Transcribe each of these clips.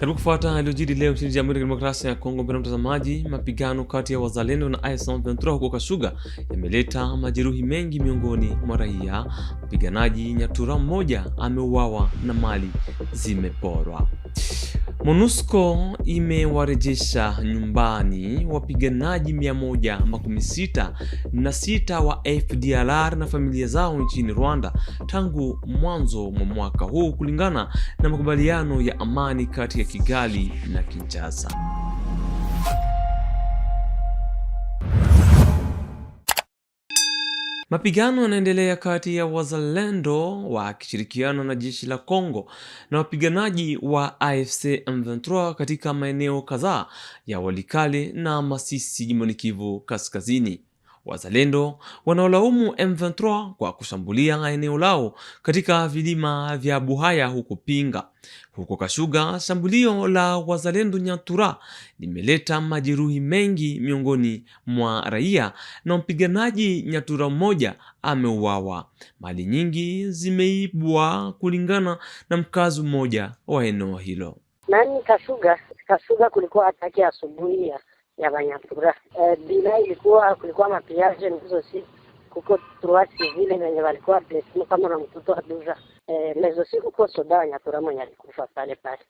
Karibu kufuata yaliyojiri leo nchini Jamhuri ya Kidemokrasia ya Kongo. mpena mtazamaji, mapigano kati ya wazalendo na M23 huko Kashuga yameleta majeruhi mengi miongoni mwa raia. Mpiganaji Nyatura mmoja ameuawa na mali zimeporwa. MONUSCO imewarejesha nyumbani wapiganaji 116 na sita wa FDLR na familia zao nchini Rwanda tangu mwanzo mwa mwaka huu kulingana na makubaliano ya amani kati ya Kigali na Kinshasa. Mapigano yanaendelea kati ya wazalendo wakishirikiana na jeshi la Kongo na wapiganaji wa AFC M23 katika maeneo kadhaa ya Walikale na Masisi jimboni Kivu Kaskazini. Wazalendo wanaolaumu M23 kwa kushambulia eneo lao katika vilima vya Buhaya huko Pinga. Huko Kashuga, shambulio la wazalendo Nyatura limeleta majeruhi mengi miongoni mwa raia na mpiganaji Nyatura mmoja ameuawa. Mali nyingi zimeibwa kulingana na mkazi mmoja wa eneo hilo. Nani Kashuga, Kashuga kulikuwa ataki asubuhi ya Banyafuraha. E, eh, bila ilikuwa kulikuwa mapiaje nizo siku kuko truasi vile venye walikuwa blesimu kama na mtoto wa duza e, eh, nezo siku kuko soda Banyafuraha mwenye alikufa pale pale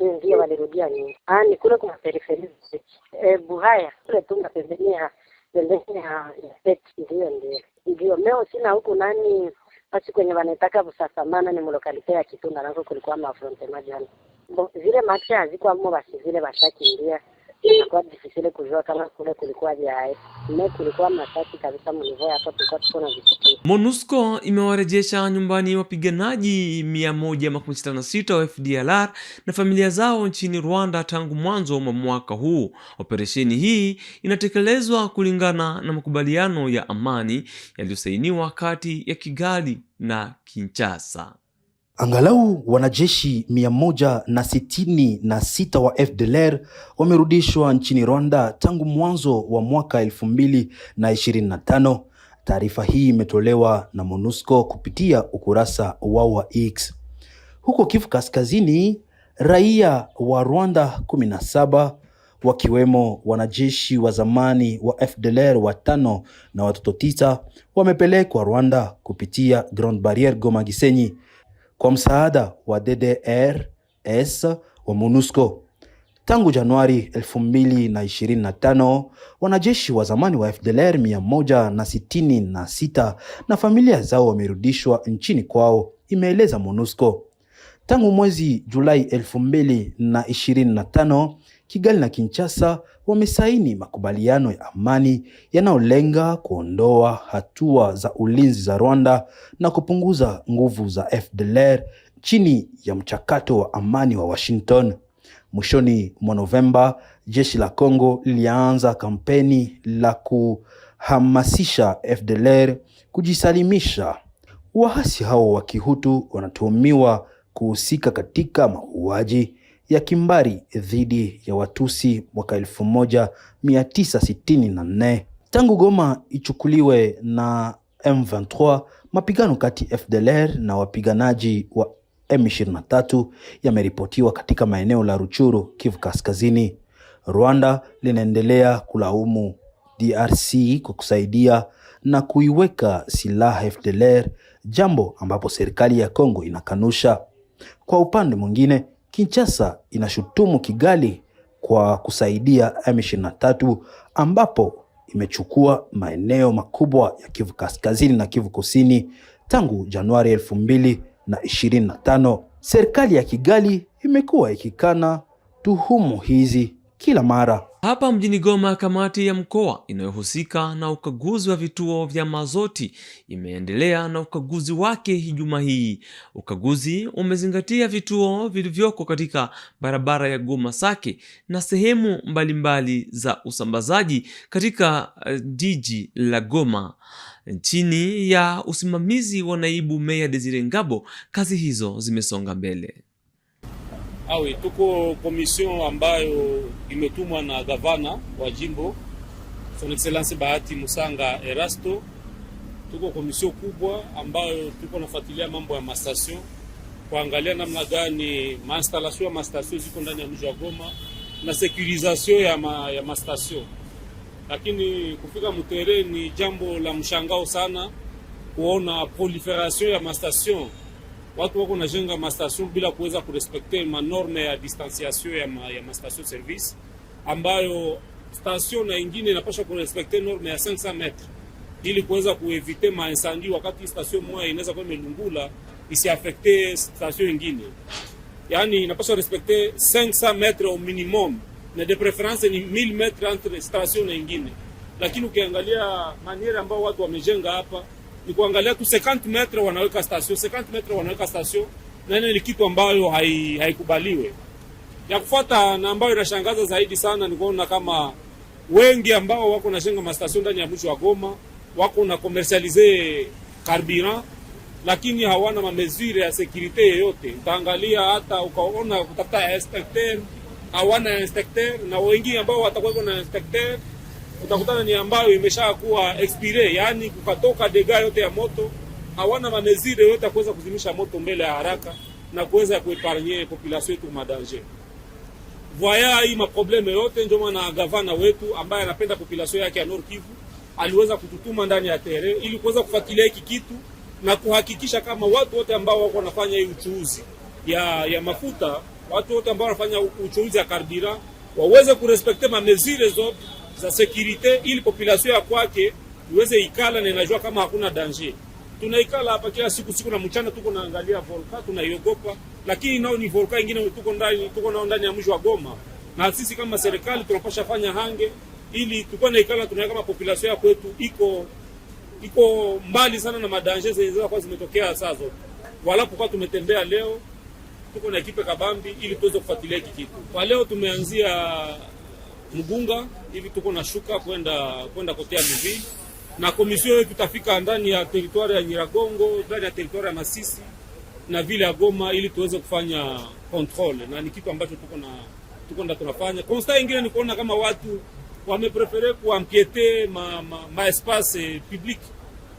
ndio walirudia nyingi ani ah, kule kuna periferi e, eh, Buhaya kule Tunga pembeni ya pembeni ya Peti. Ndio, ndio, ndio meo sina huku nani basi kwenye wanaitaka Busasamana ni mlokalite ya Kitunda, nako kulikuwa mafronte majani zile maksha hazikuwa mmo basi zile bashakimbia ilikuwa difficile kujua kama kule kulikuwa jae me kulikuwa masasi kabisa mnivo hapa tulikuwa tuko na visikia. MONUSCO imewarejesha nyumbani wapiganaji sita wa FDLR na familia zao nchini Rwanda tangu mwanzo mwa mwaka huu. Operesheni hii inatekelezwa kulingana na makubaliano ya amani yaliyosainiwa kati ya Kigali na Kinshasa. Angalau wanajeshi 166 wa FDLR wamerudishwa nchini Rwanda tangu mwanzo wa mwaka 2025. Taarifa hii imetolewa na MONUSCO kupitia ukurasa wao wa X. Huko Kivu Kaskazini, raia wa Rwanda 17 wakiwemo wanajeshi wa zamani wa FDLR watano na watoto tisa wamepelekwa Rwanda kupitia Grand Barriere Goma Gisenyi kwa msaada wa DDRS wa MONUSCO. Tangu Januari 2025 wanajeshi wa zamani wa FDLR 166 na familia zao wamerudishwa nchini kwao, imeeleza MONUSCO. Tangu mwezi Julai 2025 Kigali na Kinshasa wamesaini makubaliano ya amani yanayolenga kuondoa hatua za ulinzi za Rwanda na kupunguza nguvu za FDLR chini ya mchakato wa amani wa Washington. Mwishoni mwa Novemba, jeshi la Kongo lilianza kampeni la kuhamasisha FDLR kujisalimisha. Waasi hao wa Kihutu wanatuhumiwa kuhusika katika mauaji ya kimbari dhidi ya Watusi mwaka 1964. Tangu Goma ichukuliwe na M23, mapigano kati FDLR na wapiganaji wa M23 yameripotiwa katika maeneo la Ruchuru, Kivu Kaskazini. Rwanda linaendelea kulaumu DRC kwa kusaidia na kuiweka silaha FDLR, jambo ambapo serikali ya Kongo inakanusha. Kwa upande mwingine Kinshasa inashutumu Kigali kwa kusaidia M23 ambapo imechukua maeneo makubwa ya Kivu Kaskazini na Kivu Kusini tangu Januari 2025. Serikali ya Kigali imekuwa ikikana tuhumu hizi kila mara. Hapa mjini Goma, kamati ya mkoa inayohusika na ukaguzi wa vituo vya mazoti imeendelea na ukaguzi wake Ijumaa hii. Ukaguzi umezingatia vituo vilivyoko katika barabara ya Goma Sake na sehemu mbalimbali mbali za usambazaji katika eh, jiji la Goma. Chini ya usimamizi wa naibu meya Desire Ngabo, kazi hizo zimesonga mbele. Awe, ah tuko komision ambayo imetumwa na gavana wa jimbo Son Excellence Bahati Musanga Erasto. Tuko komision kubwa ambayo tuko nafuatilia mambo ya mastation kuangalia namna gani mainstalasio ya mastation ziko ndani ya mji wa Goma na sekurizasio ya, ma, ya mastasio. Lakini kufika mtere ni jambo la mshangao sana kuona proliferation ya mastation watu wako najenga mastation bila kuweza kurespekte manorme ya distanciation ya, ma, ya mastation service ambayo station na ingine inapasha kurespekte norme ya 500 metre ili kuweza kuevite mainsandi wakati station moja inaweza kuwa imelungula isiafekte station ingine. Yani inapasha respekte 500 metre au minimum na de preference ni 1000 metre entre station na ingine, lakini ukiangalia maniera ambayo watu wamejenga hapa ni kuangalia tu 50 metre wanaweka station, 50 metre wanaweka station, na ile ni kitu ambayo haikubaliwe hai ya kufuata, na ambayo inashangaza zaidi sana ni kuona kama wengi ambao wako nashenga mastation ndani ya mji wa Goma wako na commercialize karbira lakini hawana mamezire ya sekurite yoyote. Utaangalia hata ukaona kutafuta inspecteur, hawana inspecteur na wengi ambao watakuwa na inspecteur utakutana ni ambayo imeshakuwa expire, yani kukatoka dega yote ya moto, hawana mamezire yote ya kuweza kuzimisha moto mbele ya haraka na kuweza kuepargne population yetu madanger voya hii maprobleme yote. Ndio maana gavana wetu ambaye anapenda population yake ya Nord Kivu aliweza kututuma ndani ya tere ili kuweza kufuatilia hiki kitu na kuhakikisha kama watu wote ambao wako wanafanya hii uchuuzi ya, ya mafuta, watu wote ambao wanafanya uchuuzi ya kardira waweze kurespekte mamezire zote za securite, ili population ya kwake iweze ikala na inajua kama hakuna danger. Tunaikala hapa kila siku siku na mchana, tuko naangalia volka, tunaiogopa, lakini nao ni volka ingine, tuko ndani, tuko nao ndani ya mji wa Goma, na sisi kama serikali tunapasha fanya hange ili tuko na ikala, kama population ya kwetu iko iko mbali sana na madanger zenye kwa zimetokea saa zote. Walapo kwa tumetembea leo, tuko na ekipe kabambi ili tuweze kufuatilia hiki kitu. Kwa leo tumeanzia Mgunga hivi tuko na shuka kwenda kwenda kotea Luvii na komisio yetu tutafika ndani ya teritwari ya Nyiragongo, ndani ya teritwari ya Masisi na vile ya Goma ili tuweze kufanya control, na ni kitu ambacho tuko na tuko na tunafanya. Konsta ingine ni kuona kama watu wameprefere kuampiete ma, ma, ma espace public,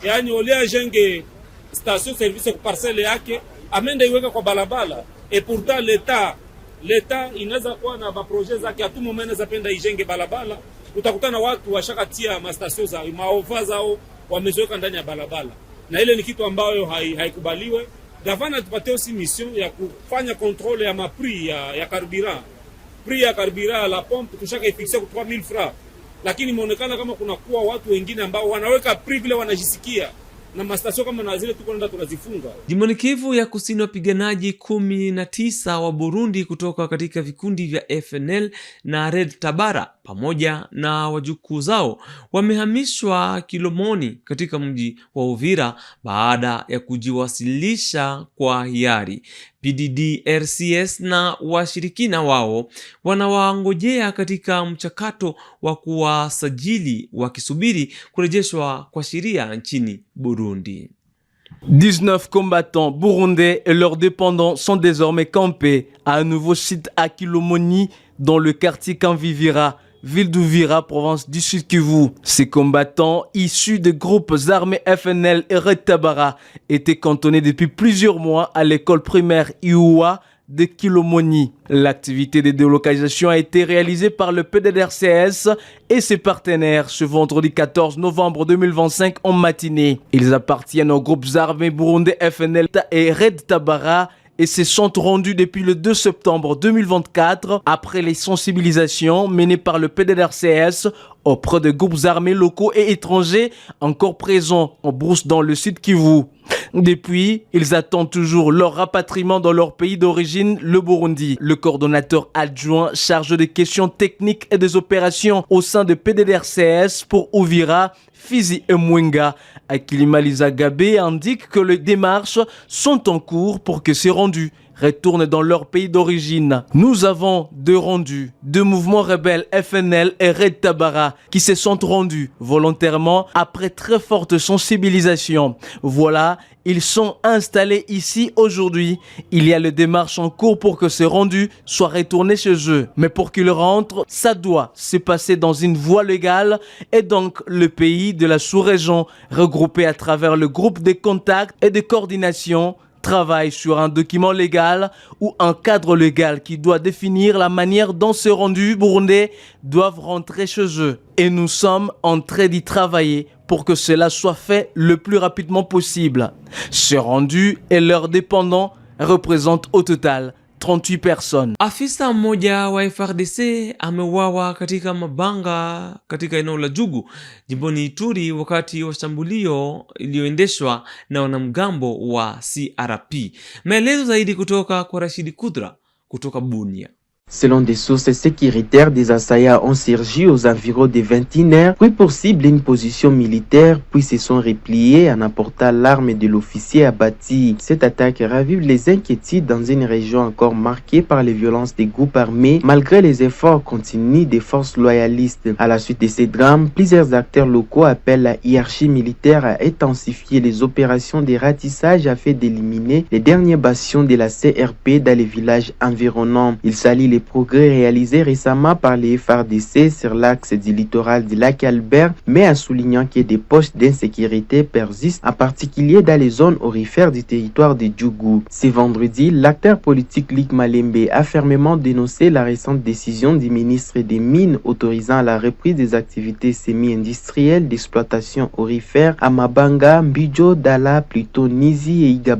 yaani olea jenge station service kwa parcelle yake amende iweka kwa balabala et pourtant l'etat leta inaweza kuwa na maproje zake, hatumo mene penda ijenge balabala, utakutana watu washakatia mastasio za maova zao wamezoweka ndani ya balabala na ile ni kitu ambayo haikubaliwe. Gavana tupatie aussi mission ya kufanya kontrole ya mapri ya, ya karbira prix ya karbira la pompe tushaka ifixia kwa 3000 francs, lakini imeonekana kama kuna kuwa watu wengine ambao wanaweka prix vile wanajisikia na mastasio kama na zile tuko nenda tunazifunga. Jimboni Kivu ya Kusini, wapiganaji kumi na tisa wa Burundi kutoka katika vikundi vya FNL na Red Tabara pamoja na wajukuu zao wamehamishwa Kilomoni katika mji wa Uvira baada ya kujiwasilisha kwa hiari. PDD RCS na washirikina wao wanawaangojea katika mchakato wa kuwasajili wakisubiri kurejeshwa kwa sheria nchini Burundi. 19 combattants burundais et leurs dépendants sont désormais campés à un nouveau site à Kilomoni dans le quartier Kanvivira. ville d'Ouvira, Provence du Sud Kivu. Ces combattants, issus des groupes armés FNL et Red Tabara, étaient cantonnés depuis plusieurs mois à l'école primaire Ioua de Kilomoni. L'activité de délocalisation a été réalisée par le PDDRCS et ses partenaires ce vendredi 14 novembre 2025 en matinée. Ils appartiennent aux groupes armés burundais FNL et Red Tabara et ces sont rendus depuis le 2 septembre 2024 après les sensibilisations menées par le PDRCS auprès de groupes armés locaux et étrangers encore présents en brousse dans le sud Kivu. Depuis, ils attendent toujours leur rapatriement dans leur pays d'origine, le Burundi. Le coordonnateur adjoint chargé des questions techniques et des opérations au sein de PDDRCS pour Ouvira, Fizi et Mwenga, Akilimaliza Gabé indique que les démarches sont en cours pour que c'est rendu retournent dans leur pays d'origine. Nous avons deux rendus, deux mouvements rebelles FNL et Red Tabara qui se sont rendus volontairement après très forte sensibilisation. Voilà, ils sont installés ici aujourd'hui. Il y a les démarches en cours pour que ces rendus soient retournés chez eux. Mais pour qu'ils rentrent, ça doit se passer dans une voie légale et donc le pays de la sous-région regroupé à travers le groupe des contacts et de coordination travaille sur un document légal ou un cadre légal qui doit définir la manière dont ces rendus burundais doivent rentrer chez eux. Et nous sommes en train d'y travailler pour que cela soit fait le plus rapidement possible. Ces rendus et leurs dépendants représentent au total 38 personnes. Afisa mmoja wa FRDC ameuawa katika mabanga katika eneo la Jugu jimboni Ituri wakati wa shambulio iliyoendeshwa na wanamgambo wa CRP. Maelezo zaidi kutoka kwa Rashidi Kudra kutoka Bunia. Selon des sources sécuritaires, des assaillants ont surgi aux environs des 21 puis pour cible une position militaire, puis se sont repliés en apportant l'arme de l'officier abattu. Cette attaque ravive les inquiétudes dans une région encore marquée par les violences des groupes armés, malgré les efforts continus des forces loyalistes. À la suite de ces drames, plusieurs acteurs locaux appellent la hiérarchie militaire à intensifier les opérations de ratissage afin d'éliminer les derniers bastions de la CRP dans les villages environnants progrès réalisés récemment par les FARDC sur l'axe du littoral du lac Albert, mais en soulignant que des poches d'insécurité persistent, en particulier dans les zones orifères du territoire de Djougou. Ce vendredi, l'acteur politique Ligue Malembe a fermement dénoncé la récente décision du ministre des Mines autorisant la reprise des activités semi-industrielles d'exploitation orifère à Mabanga, Mbidjo, Dala, Pluto, Nizi et Iga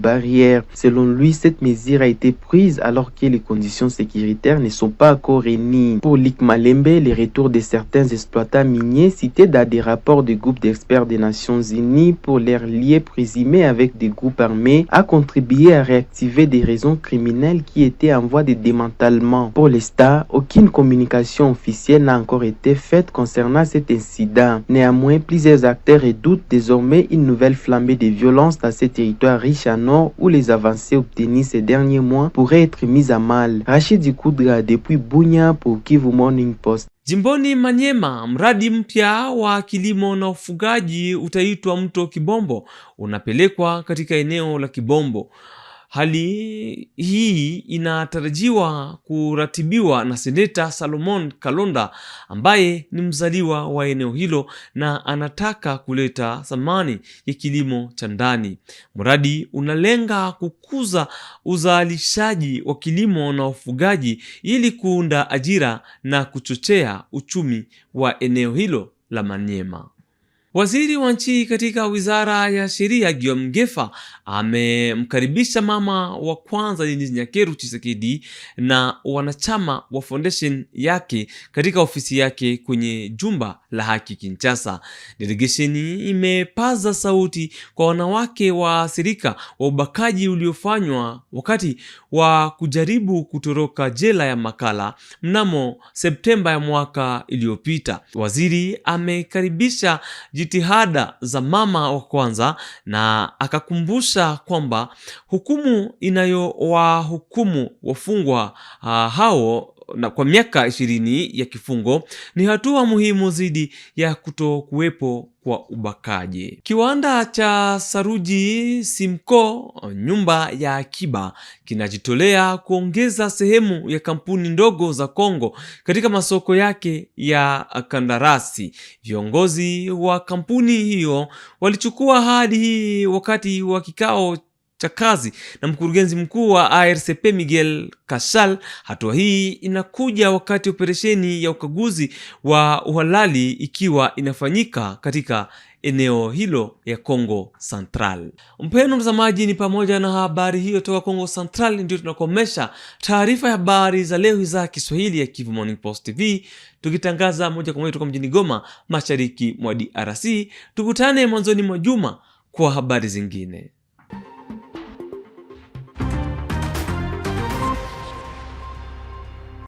Selon lui, cette mesure a été prise alors que les conditions sécuritaires ne sont pas encore réunis. Pour Likmalembe, les retours de certains exploitants miniers cités dans des rapports du groupes d'experts des Nations Unies pour leurs liens présumés avec des groupes armés a contribué à réactiver des raisons criminelles qui étaient en voie de démantèlement. Pour l'État, aucune communication officielle n'a encore été faite concernant cet incident. Néanmoins, plusieurs acteurs redoutent désormais une nouvelle flambée de violence dans ces territoires riches en or où les avancées obtenues ces derniers mois pourraient être mises à mal. Rachid de Uvira depuis Bunya po Kivu Morning Post. Jimboni Manyema, mradi mpya wa kilimo na ufugaji utaitwa Mto Kibombo unapelekwa katika eneo la Kibombo. Hali hii inatarajiwa kuratibiwa na seneta Salomon Kalonda ambaye ni mzaliwa wa eneo hilo na anataka kuleta thamani ya kilimo cha ndani. Mradi unalenga kukuza uzalishaji wa kilimo na ufugaji ili kuunda ajira na kuchochea uchumi wa eneo hilo la Manyema. Waziri wa nchi katika Wizara ya Sheria Guillaume Ngefa amemkaribisha mama wa kwanza Denise Nyakeru Chisekedi na wanachama wa foundation yake katika ofisi yake kwenye jumba la haki Kinshasa. Delegesheni imepaza sauti kwa wanawake waathirika wa ubakaji uliofanywa wakati wa kujaribu kutoroka jela ya Makala mnamo Septemba ya mwaka iliyopita. Waziri amekaribisha jitihada za mama wa kwanza, na akakumbusha kwamba hukumu inayowahukumu wafungwa ah, hao na kwa miaka ishirini ya kifungo ni hatua muhimu dhidi ya kuto kuwepo kwa ubakaji. Kiwanda cha saruji Simco, nyumba ya akiba, kinajitolea kuongeza sehemu ya kampuni ndogo za Kongo katika masoko yake ya kandarasi. Viongozi wa kampuni hiyo walichukua ahadi hii wakati wa kikao cha kazi na mkurugenzi mkuu wa ARCP Miguel kashal Hatua hii inakuja wakati operesheni ya ukaguzi wa uhalali ikiwa inafanyika katika eneo hilo ya Kongo Central. Mpendwa mtazamaji, ni pamoja na habari hiyo toka Kongo Central ndio tunakomesha taarifa ya habari za leo za Kiswahili ya Kivu Morning Post TV, tukitangaza moja kwa moja kutoka mjini Goma, mashariki mwa DRC. Tukutane mwanzoni mwa juma kwa habari zingine.